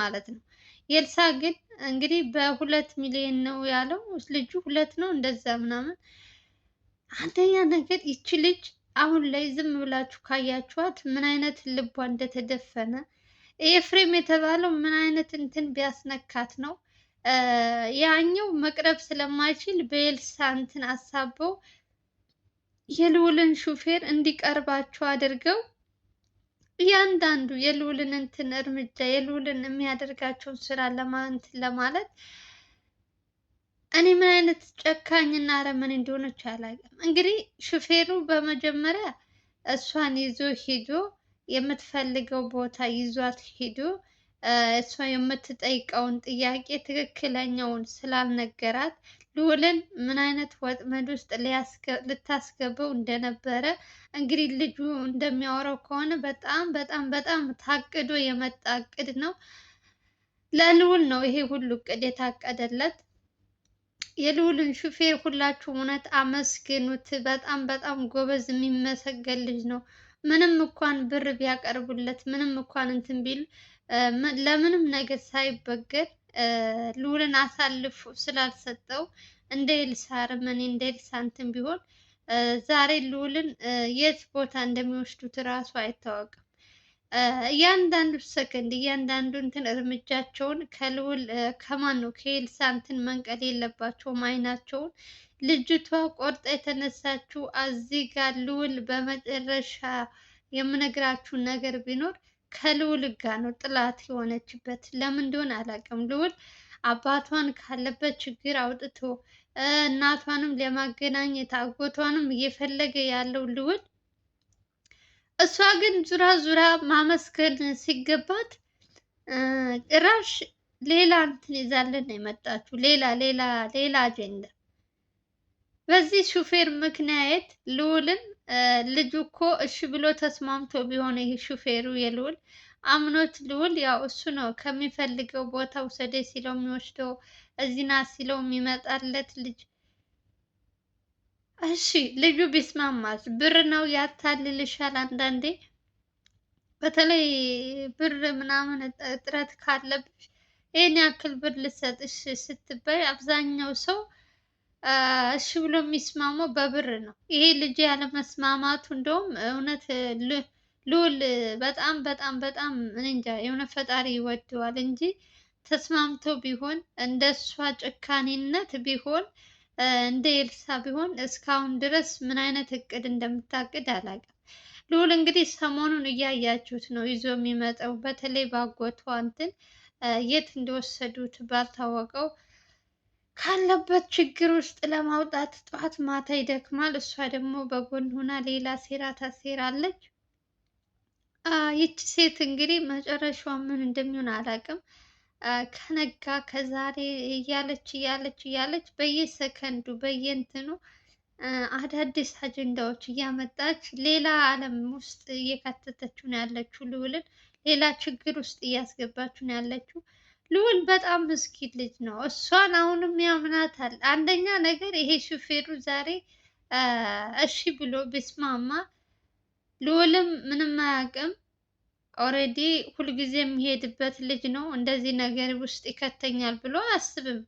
ማለት ነው። የልሳ ግን እንግዲህ በሁለት ሚሊዮን ነው ያለው ልጁ ሁለት ነው እንደዛ ምናምን። አንደኛ ነገር ይቺ ልጅ አሁን ላይ ዝም ብላችሁ ካያችኋት ምን አይነት ልቧ እንደተደፈነ ኤፍሬም የተባለው ምን አይነት እንትን ቢያስነካት ነው ያኛው መቅረብ ስለማይችል በኤልሳ እንትን አሳበው የልውልን ሹፌር እንዲቀርባቸው አድርገው እያንዳንዱ የልዑልን እንትን እርምጃ የልዑልን የሚያደርጋቸውን ስራ ለማንት ለማለት እኔ ምን አይነት ጨካኝና አረመኔ እንደሆነች አላውቅም። እንግዲህ ሹፌሩ በመጀመሪያ እሷን ይዞ ሂዶ የምትፈልገው ቦታ ይዟት ሂዶ እሷ የምትጠይቀውን ጥያቄ ትክክለኛውን ስላልነገራት ልዑልን ምን አይነት ወጥመድ ውስጥ ልታስገባው እንደነበረ እንግዲህ ልጁ እንደሚያወራው ከሆነ በጣም በጣም በጣም ታቅዶ የመጣ እቅድ ነው። ለልዑል ነው ይሄ ሁሉ እቅድ የታቀደለት። የልዑልን ሹፌር ሁላችሁ እውነት አመስግኑት። በጣም በጣም ጎበዝ የሚመሰገን ልጅ ነው። ምንም እንኳን ብር ቢያቀርቡለት፣ ምንም እንኳን እንትን ቢል ለምንም ነገር ሳይበገር ልዑልን አሳልፎ ስላልሰጠው እንደ ኤልሳ አረመኔ እንደ ኤልሳ እንትን ቢሆን ዛሬ ልዑልን የት ቦታ እንደሚወስዱት እራሱ አይታወቅም። እያንዳንዱ ሰከንድ እያንዳንዱ እንትን እርምጃቸውን ከልዑል ከማን ነው ከኤልሳ እንትን መንቀል የለባቸውም አይናቸውን። ልጅቷ ቆርጣ የተነሳችው እዚህ ጋር ልዑል በመጨረሻ የምነግራችሁ ነገር ቢኖር ከልዑል ጋር ነው ጥላት የሆነችበት። ለምን እንደሆነ አላውቅም። ልዑል አባቷን ካለበት ችግር አውጥቶ እናቷንም ለማገናኘት አጎቷንም እየፈለገ ያለው ልዑል፣ እሷ ግን ዙራ ዙራ ማመስገን ሲገባት ጭራሽ ሌላ እንትን ይዛለን ነው የመጣችው። ሌላ ሌላ ሌላ አጀንዳ። በዚህ ሹፌር ምክንያት ልዑልን ልጁ እኮ እሺ ብሎ ተስማምቶ ቢሆን ይሄ ሹፌሩ የልዑል አምኖት ልውል ያው እሱ ነው ከሚፈልገው ቦታ ውሰደ ሲለው የሚወስደው እዚህ ና ሲለው የሚመጣለት ልጅ። እሺ ልጁ ቢስማማስ ብር ነው ያታልልሻል። አንዳንዴ በተለይ ብር ምናምን እጥረት ካለብሽ ይህን ያክል ብር ልሰጥሽ ስትባይ አብዛኛው ሰው እሺ ብሎ የሚስማማው በብር ነው። ይሄ ልጅ ያለመስማማቱ እንደውም እውነት ልዑል በጣም በጣም በጣም እንጃ የእውነት ፈጣሪ ይወደዋል እንጂ ተስማምቶ ቢሆን እንደ እሷ ጭካኔነት ቢሆን እንደ ኤልሳ ቢሆን እስካሁን ድረስ ምን አይነት እቅድ እንደምታቅድ አላውቅም። ልዑል እንግዲህ ሰሞኑን እያያችሁት ነው ይዞ የሚመጣው በተለይ ባጎቷ እንትን የት እንደወሰዱት ባልታወቀው ካለበት ችግር ውስጥ ለማውጣት ጠዋት ማታ ይደክማል። እሷ ደግሞ በጎን ሆና ሌላ ሴራ ታሴራለች። ይቺ ሴት እንግዲህ መጨረሻዋ ምን እንደሚሆን አላውቅም። ከነጋ ከዛሬ እያለች እያለች እያለች በየሰከንዱ በየንትኑ አዳዲስ አጀንዳዎች እያመጣች ሌላ ዓለም ውስጥ እየካተተችው ነው ያለችው። ልውልን ሌላ ችግር ውስጥ እያስገባችው ነው ያለችው። ልዑል በጣም ምስኪን ልጅ ነው። እሷን አሁንም ያምናታል። አንደኛ ነገር ይሄ ሹፌሩ ዛሬ እሺ ብሎ ቢስማማ ልዑልም ምንም አያውቅም። ኦልሬዲ ሁልጊዜ የሚሄድበት ልጅ ነው። እንደዚህ ነገር ውስጥ ይከተኛል ብሎ አያስብም።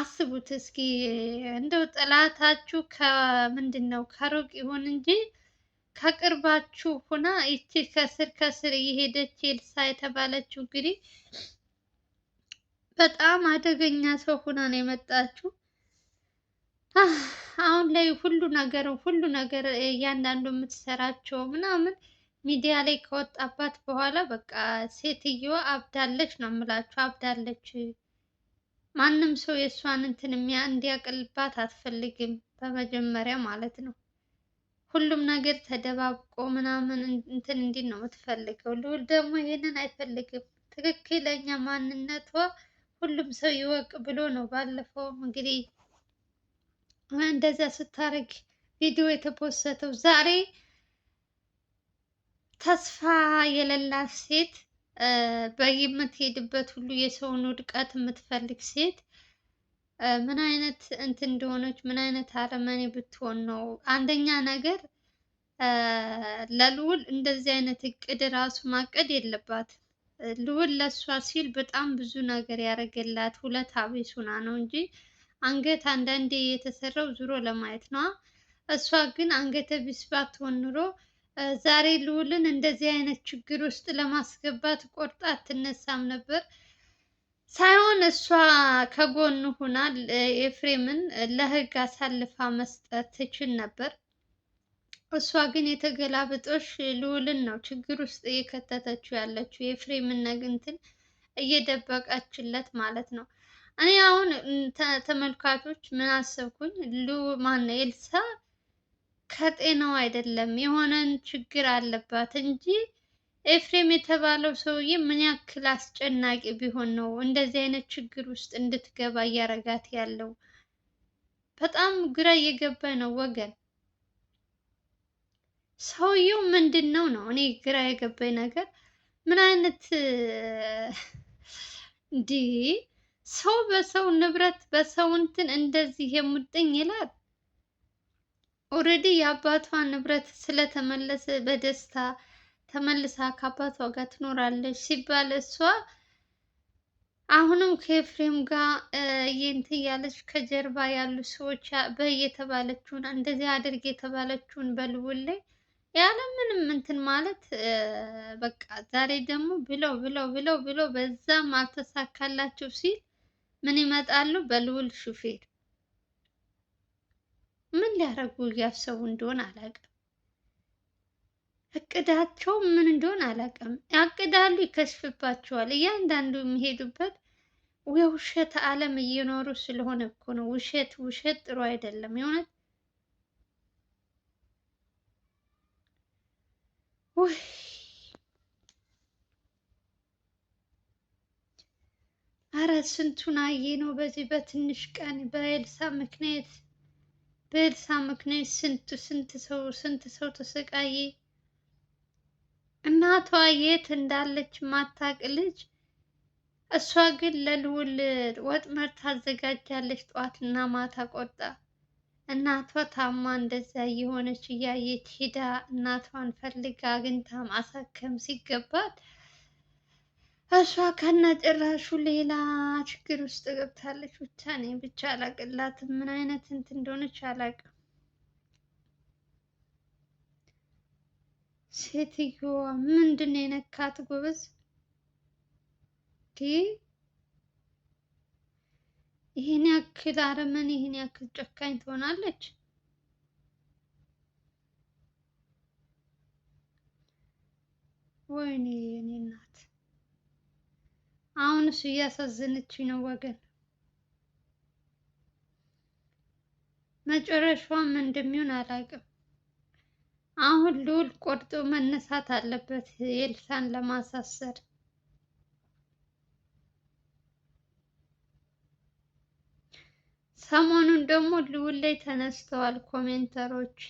አስቡት እስኪ እንደው ጠላታችሁ ከምንድን ነው ከሩቅ ይሁን እንጂ ከቅርባችሁ ሁና ይቺ ከስር ከስር እየሄደች ኤልሳ የተባለችው እንግዲህ በጣም አደገኛ ሰው ሁና ነው የመጣችው። አሁን ላይ ሁሉ ነገር ሁሉ ነገር እያንዳንዱ የምትሰራቸው ምናምን ሚዲያ ላይ ከወጣባት በኋላ በቃ ሴትየዋ አብዳለች ነው የምላችሁ፣ አብዳለች። ማንም ሰው የእሷን እንትን እንዲያቅልባት አትፈልግም፣ በመጀመሪያ ማለት ነው። ሁሉም ነገር ተደባብቆ ምናምን እንትን እንዲ ነው የምትፈልገው። ልዑል ደግሞ ይህንን አይፈልግም። ትክክለኛ ማንነቷ ሁሉም ሰው ይወቅ ብሎ ነው። ባለፈው እንግዲህ እንደዚያ ስታደርግ ቪዲዮ የተፖሰተው ዛሬ ተስፋ የሌላት ሴት በየምትሄድበት ሁሉ የሰውን ውድቀት የምትፈልግ ሴት ምን አይነት እንትን እንደሆነች ምን አይነት አረመኔ ብትሆን ነው? አንደኛ ነገር ለልዑል እንደዚህ አይነት እቅድ ራሱ ማቀድ የለባት ልዑል ለእሷ ሲል በጣም ብዙ ነገር ያደረገላት ሁለት አቤሱና ነው እንጂ አንገት አንዳንዴ የተሰራው ዙሮ ለማየት ነው። እሷ ግን አንገተ ቢስ ባትሆን ኑሮ ዛሬ ልዑልን እንደዚህ አይነት ችግር ውስጥ ለማስገባት ቆርጣ አትነሳም ነበር። ሳይሆን እሷ ከጎኑ ሁና ኤፍሬምን ለህግ አሳልፋ መስጠት ትችል ነበር። እሷ ግን የተገላበጦች ልዑልን ነው ችግር ውስጥ እየከተተችው ያለችው የኤፍሬምን ነግንትን እየደበቀችለት ማለት ነው። እኔ አሁን ተመልካቾች ምን አሰብኩኝ? ማነው ኤልሳ ከጤናው አይደለም የሆነን ችግር አለባት እንጂ ኤፍሬም የተባለው ሰውዬ ምን ያክል አስጨናቂ ቢሆን ነው እንደዚህ አይነት ችግር ውስጥ እንድትገባ እያረጋት ያለው? በጣም ግራ እየገባ ነው ወገን። ሰውየው ምንድን ነው ነው እኔ ግራ የገባኝ ነገር ምን አይነት እንዲህ ሰው በሰው ንብረት በሰው እንትን እንደዚህ የሙጥኝ ይላል። ኦልሬዲ የአባቷ ንብረት ስለተመለሰ በደስታ ተመልሳ ከአባቷ ጋር ትኖራለች ሲባል እሷ አሁንም ከኤፍሬም ጋር እየንት እያለች ከጀርባ ያሉ ሰዎች በየተባለችውን እንደዚህ አድርግ የተባለችውን በልውል ላይ ያለ ምንም እንትን ማለት በቃ ዛሬ ደግሞ ብለው ብለው ብለው ብለው በዛም አልተሳካላቸው ሲል ምን ይመጣሉ በልውል ሹፌር ምን ሊያደርጉ እያሰቡ እንደሆነ አላውቅም። እቅዳቸው ምን እንደሆነ አላውቅም። ያቅዳሉ፣ ይከሽፍባቸዋል። እያንዳንዱ የሚሄዱበት የውሸት ዓለም እየኖሩ ስለሆነ እኮ ነው። ውሸት ውሸት ጥሩ አይደለም። የሆነት አረ ስንቱን አየ ነው በዚህ በትንሽ ቀን በኤልሳ ምክንያት በኤልሳ ምክንያት ስንት ስንት ሰው ስንት ሰው ተሰቃየ። እናቷ የት እንዳለች ማታቅ ልጅ እሷ ግን ለልዑል ወጥመድ ታዘጋጃለች ጠዋትና ማታ ቆጣ። እናቷ ታማ እንደዛ የሆነች እያየች ሄዳ እናቷን ፈልጋ አግኝታ ማሳከም ሲገባት እሷ ከነ ጭራሹ ሌላ ችግር ውስጥ ገብታለች። ብቻ እኔ ብቻ አላቅላትም፣ ምን አይነት እንትን እንደሆነች አላቅም። ሴትዮዋ ምንድን ነው የነካት? ጎበዝ ይህን ያክል አረመን፣ ይህን ያክል ጨካኝ ትሆናለች? ወይኔ የኔ እናት፣ አሁንስ እያሳዘነች ነው ወገን። መጨረሻዋ ምን እንደሚሆን አላውቅም። አሁን ልዑል ቆርጦ መነሳት አለበት ኤልሳን ለማሳሰር። ሰሞኑን ደግሞ ልዑል ላይ ተነስተዋል ኮሜንተሮች።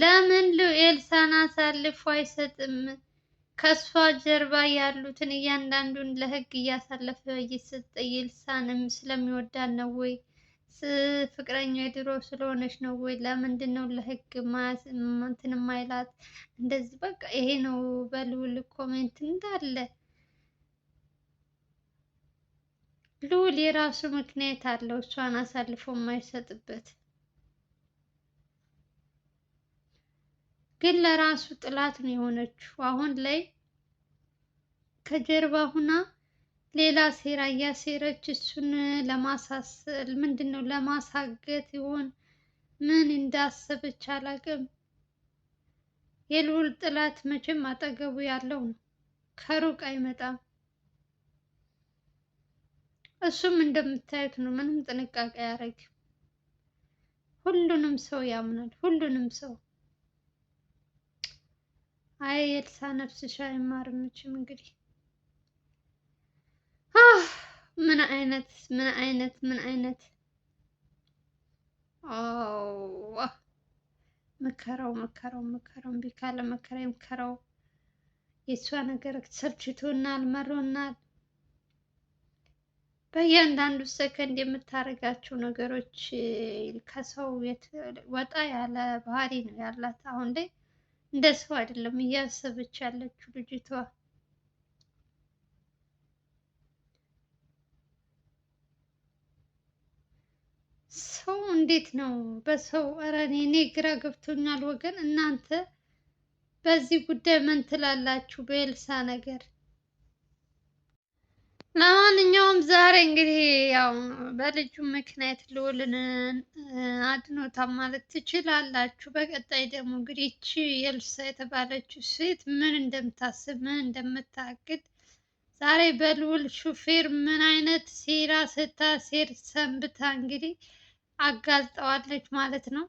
ለምን ኤልሳን አሳልፎ አይሰጥም? ከእሷ ጀርባ ያሉትን እያንዳንዱን ለህግ እያሳለፈ እየሰጠ ኤልሳንም ስለሚወዳት ነው ወይ ፍቅረኛው የድሮ ስለሆነች ነው ወይ? ለምንድን ነው ለህግ እንትን ማይላት? እንደዚህ በቃ ይሄ ነው በልውል ኮሜንት እንዳለ ልውል የራሱ ምክንያት አለው እሷን አሳልፎ የማይሰጥበት ግን ለራሱ ጥላት ነው የሆነችው። አሁን ላይ ከጀርባ ሁና ሌላ ሴራ እያሴረች እሱን ለማሳሰል ምንድን ነው ለማሳገት ይሆን? ምን እንዳሰበች አላውቅም። የልዑል ጥላት መቼም አጠገቡ ያለው ነው፣ ከሩቅ አይመጣም። እሱም እንደምታዩት ነው፣ ምንም ጥንቃቄ አያደርግም። ሁሉንም ሰው ያምናል፣ ሁሉንም ሰው። አይ የልሳ ነፍስሽ አይማርም እንግዲህ ምን አይነት ምን አይነት ምን አይነት መከራው መከራው መከራው እምቢ ካለ መከራ ይምከራው። የእሷ ነገር ሰልችቶናል፣ መሮናል። በእያንዳንዱ ሰከንድ የምታደርጋቸው ነገሮች ከሰው ወጣ ያለ ባህሪ ነው ያላት። አሁን ላይ እንደ ሰው አይደለም እያሰበች ያለችው ልጅቷ። ሰው እንዴት ነው በሰው ኧረ እኔ ግራ ገብቶኛል ወገን። እናንተ በዚህ ጉዳይ ምን ትላላችሁ? በኤልሳ ነገር። ለማንኛውም ዛሬ እንግዲህ ያው በልጁ ምክንያት ልውልን አድኖታ ማለት ትችላላችሁ። በቀጣይ ደግሞ እንግዲህ ይቺ የተባለችው ሴት ምን እንደምታስብ ምን እንደምታቅድ ዛሬ በልውል ሹፌር ምን አይነት ሴራ ስታሴር ሰንብታ እንግዲህ አጋልጠዋለች ማለት ነው።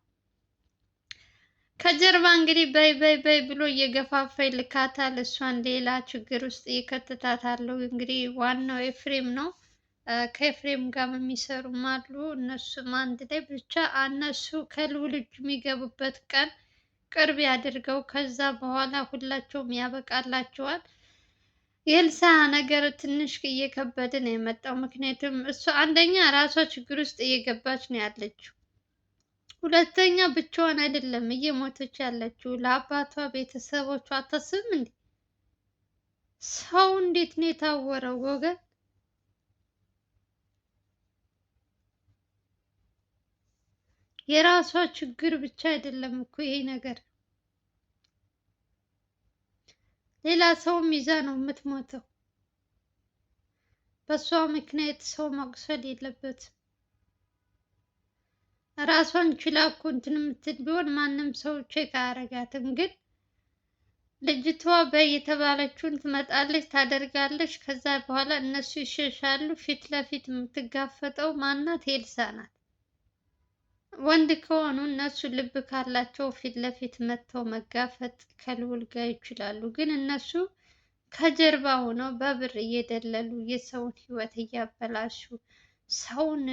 ከጀርባ እንግዲህ በይ በይ በይ ብሎ እየገፋፋ ይልካታል። እሷን ሌላ ችግር ውስጥ እየከተታታለው። እንግዲህ ዋናው ኤፍሬም ነው። ከኤፍሬም ጋር የሚሰሩም አሉ። እነሱም አንድ ላይ ብቻ እነሱ ከልዑል የሚገቡበት ቀን ቅርብ ያድርገው። ከዛ በኋላ ሁላቸውም ያበቃላቸዋል። የኤልሳ ነገር ትንሽ እየከበደ ነው የመጣው። ምክንያቱም እሱ አንደኛ ራሷ ችግር ውስጥ እየገባች ነው ያለችው፣ ሁለተኛ ብቻዋን አይደለም እየሞተች ያለችው። ለአባቷ ቤተሰቦቿ አታስብም እንዴ? ሰው እንዴት ነው የታወረው ወገን? የራሷ ችግር ብቻ አይደለም እኮ ይሄ ነገር ሌላ ሰውም ይዛ ነው የምትሞተው። በእሷ ምክንያት ሰው መቁሰል የለበትም። ራሷን ችላ እኮ እንትን የምትል ቢሆን ማንም ሰው ቼክ አያደርጋትም። ግን ልጅቷ የተባለችውን ትመጣለች፣ ታደርጋለች። ከዛ በኋላ እነሱ ይሸሻሉ። ፊት ለፊት የምትጋፈጠው ማናት? ኤልሳ ናት። ወንድ ከሆኑ እነሱ ልብ ካላቸው ፊት ለፊት መጥተው መጋፈጥ ከልዑል ጋር ይችላሉ። ግን እነሱ ከጀርባ ሆነው በብር እየደለሉ የሰውን ህይወት እያበላሹ ሰውን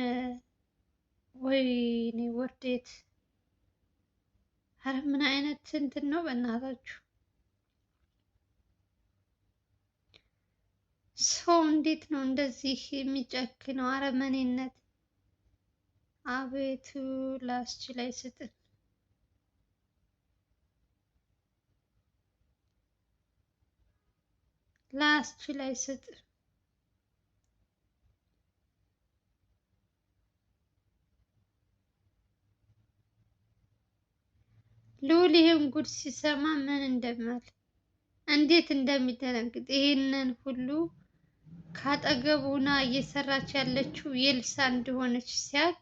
ወይኔ ውርዴት አረ ምን አይነት እንትን ነው በእናታችሁ! ሰው እንዴት ነው እንደዚህ የሚጨክነው? አረመኔነት አቤቱ ላስች ላስችል ላስች ላይ አይስጥን። ልዑል ይህን ጉድ ሲሰማ ምን እንደማል እንዴት እንደሚደነግጥ ይህንን ሁሉ ካጠገቡና እየሰራች ያለችው የልሳ እንደሆነች ሲያቅ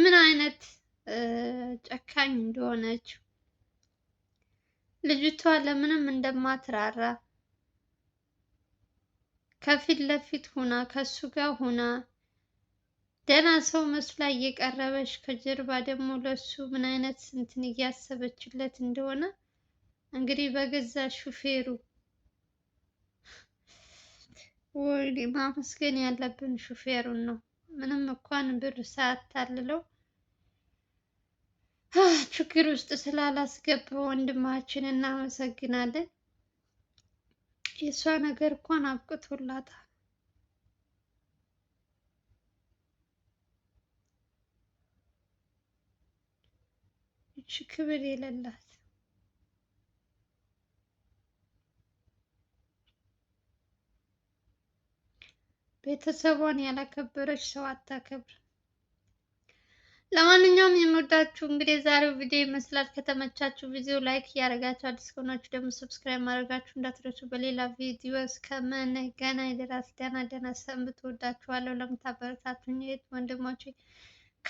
ምን አይነት ጨካኝ እንደሆነች ልጅቷ ለምንም እንደማትራራ ከፊት ለፊት ሁና ከሱ ጋር ሁና ደህና ሰው መስላ እየቀረበች ከጀርባ ደግሞ ለሱ ምን አይነት ስንትን እያሰበችለት እንደሆነ እንግዲህ በገዛ ሹፌሩ ወይ ማመስገን ያለብን ሹፌሩን ነው። ምንም እንኳን ብር ሳታልለው ችግር ውስጥ ስላላስገባ ወንድማችን እናመሰግናለን። የእሷ ነገር እንኳን አብቅቶላታል። ይች ክብር የሌላት ቤተሰቧን ያላከበረች ሰው አታከብር። ለማንኛውም የምወዳችሁ እንግዲህ የዛሬው ቪዲዮ ይመስላል። ከተመቻችሁ ቪዲዮ ላይክ እያደረጋችሁ አዲስ ከሆናችሁ ደግሞ ሰብስክራይብ ማድረጋችሁ እንዳትረሱ። በሌላ ቪዲዮ እስከምንገናኝ ድረስ ደህና ደህና ሰንብቱ። እወዳችኋለሁ። ለምታበረታቱኝ እህት ወንድሞቼ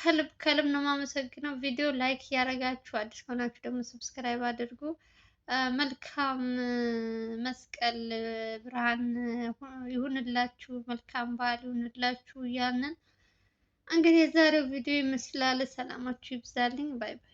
ከልብ ከልብ ነው የማመሰግነው። ቪዲዮ ላይክ እያደረጋችሁ አዲስ ከሆናችሁ ደግሞ ሰብስክራይብ አድርጉ። መልካም መስቀል ብርሃን ይሁንላችሁ፣ መልካም በዓል ይሁንላችሁ እያልን እንግዲህ የዛሬው ቪዲዮ ይመስላል። ሰላማችሁ ይብዛልኝ። ባይ ባይ።